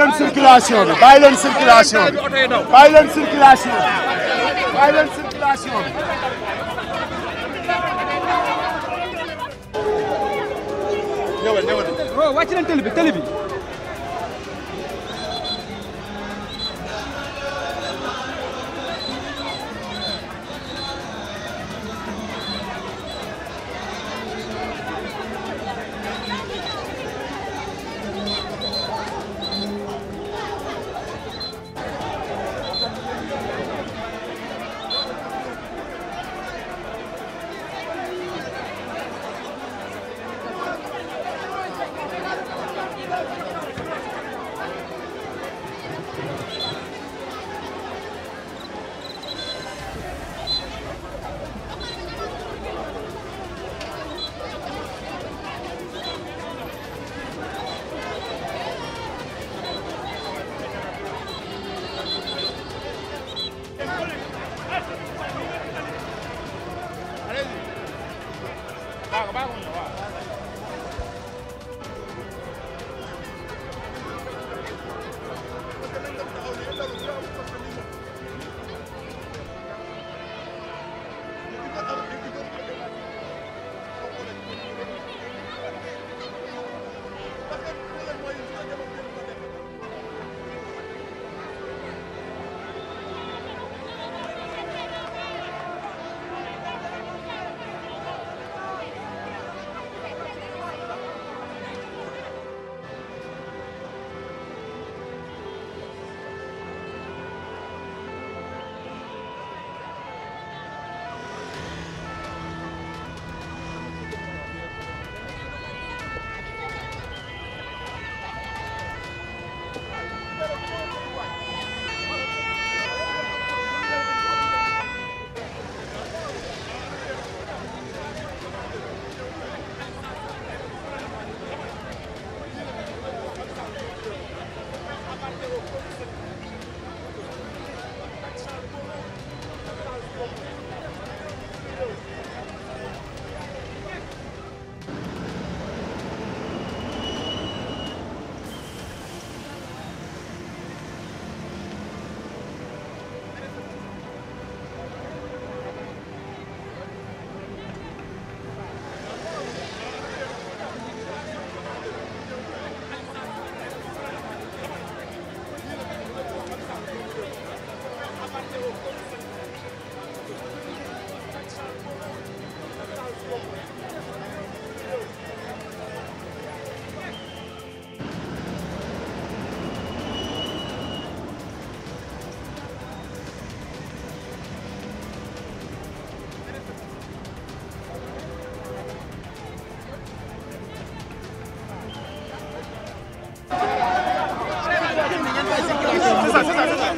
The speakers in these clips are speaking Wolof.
leen circulation bi bàyyi leen circulation bi bàyyi leen circulation bi bàyyi leen circulation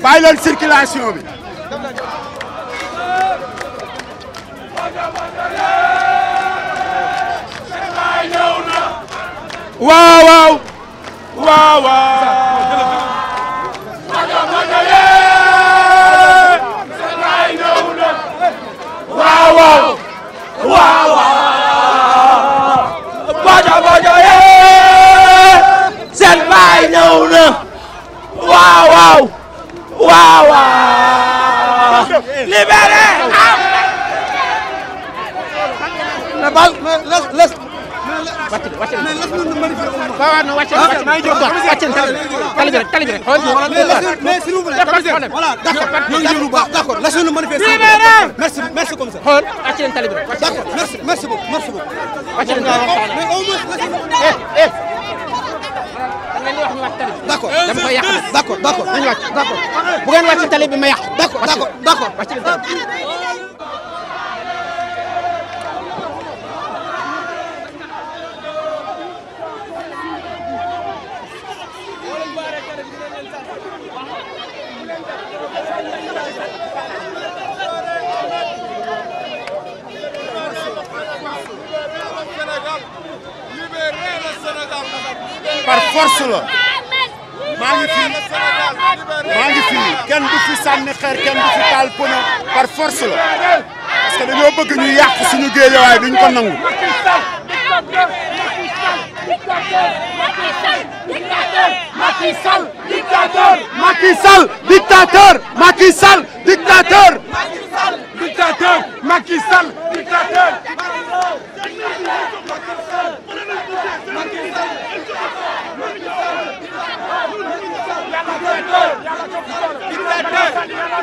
bàyyi leen circulation bi. waaw waaw. waaw waaw. waaw waaw. waaw waaw. Baja Baja yee. seen baay ñëw na. waaw waaw. waaw waaw. libéré am. mais baal mais les les. wàcc na wàcc na waaw waaw non wàcc na wàcc na tali bi rek tali bi rek xool mais s'il vous plaît voilà d'accord d'accord laissez-nous manifester merci merci comme ça xool wàcc na tali bi rek d'accord merci merci beaucoup merci beaucoup mais au moins d' accord nañu wàcc d' accord bu ngeen wàcc tali bi ma yàq. d' accord d' accord wàcc par force la maa ngi fi maa ngi fi kenn du fi sànni xeer kenn du fi taal pëna par force la parce que dañoo bëgg ñu yàq suñu géejawaay duñ ko nangu. Macky Sall dictateur Macky Sall dictateur Macky Sall dictateur Macky Sall dictateur Macky Sall dictateur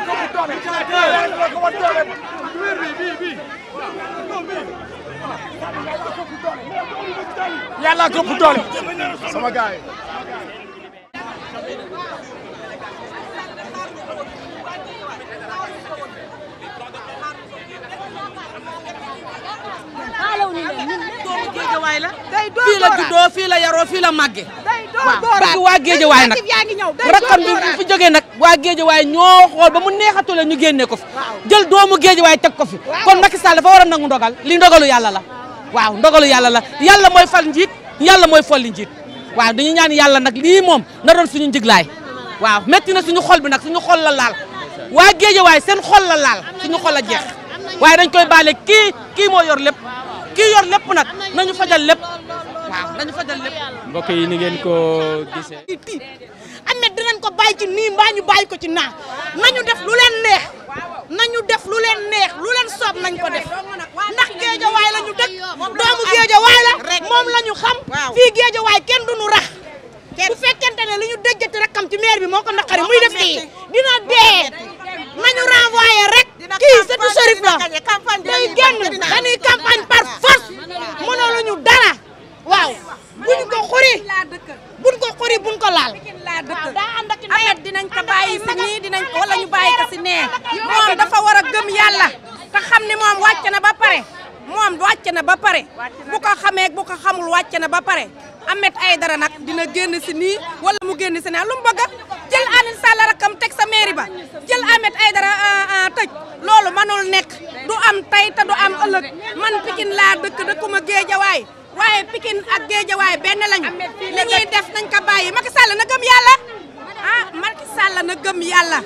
ko mu doole yàlla na fii la juddoo fii la yaroo fii la màggee. day door door waaw waa géejawaay nag bi fi jógee nag. waa géejawaay ñoo xool ba mu neexatu la ñu génne ko fi jël doomu géejawaay teg ko fi kon Macky Sall dafa war a nangu ndogal li ndogalu yàlla la waaw ndogalu yàlla la yàlla mooy fal njiit yàlla mooy folli njiit waaw dañu ñaan yàlla nag lii moom na doon suñu njiglaay waaw métti na suñu xol bi nag suñu xol la laal waa waay seen xol la laal suñu xol a jeex waaye dañ koy baale kii kii moo yor lépp kii yor lépp nag nañu fajal lépp waaw fajal lépp mbokk yi ni ngeen ko gisee nañ ko bàyyi ci nii mbaa ñu bàyyi ko ci naa nañu def lu leen neex nañu def lu leen neex lu leen soob nañ ko def ndax géejawaay la ñu dëkk doomu géejawaay la moom la ñu xam fii géejawaay kenn duñu rax bu fekkente ne li ñu déjjati rakkam ci maire bi moo ko naqari muy def kii dina dee nañu renvoyé rek kii sëtu Chérif la day génn dañuy campagne si nii dinañ ko wala ñu bàyyi ko si nee moom dafa war a gëm yàlla te ni moom wàcc na ba pare moom wàcc na ba pare bu ko xamee bu ko xamul wàcc na ba pare Ahmed Aidara nag dina génn si nii wala mu génn si nee lu mu bëgg a jël Alioune Sall rakam teg sa mairie ba jël Ahmed Aidara euh, euh, tëj loolu mënul nekk du am tey te du am ëllëg man Pikine laa dëkk dëkkuma Géejawaay waaye Pikine ak Géejawaay benn lañu li ñuy def nañ ko bàyyi Macky Sall na gëm yàlla ah Macky Sall na gëm yàlla.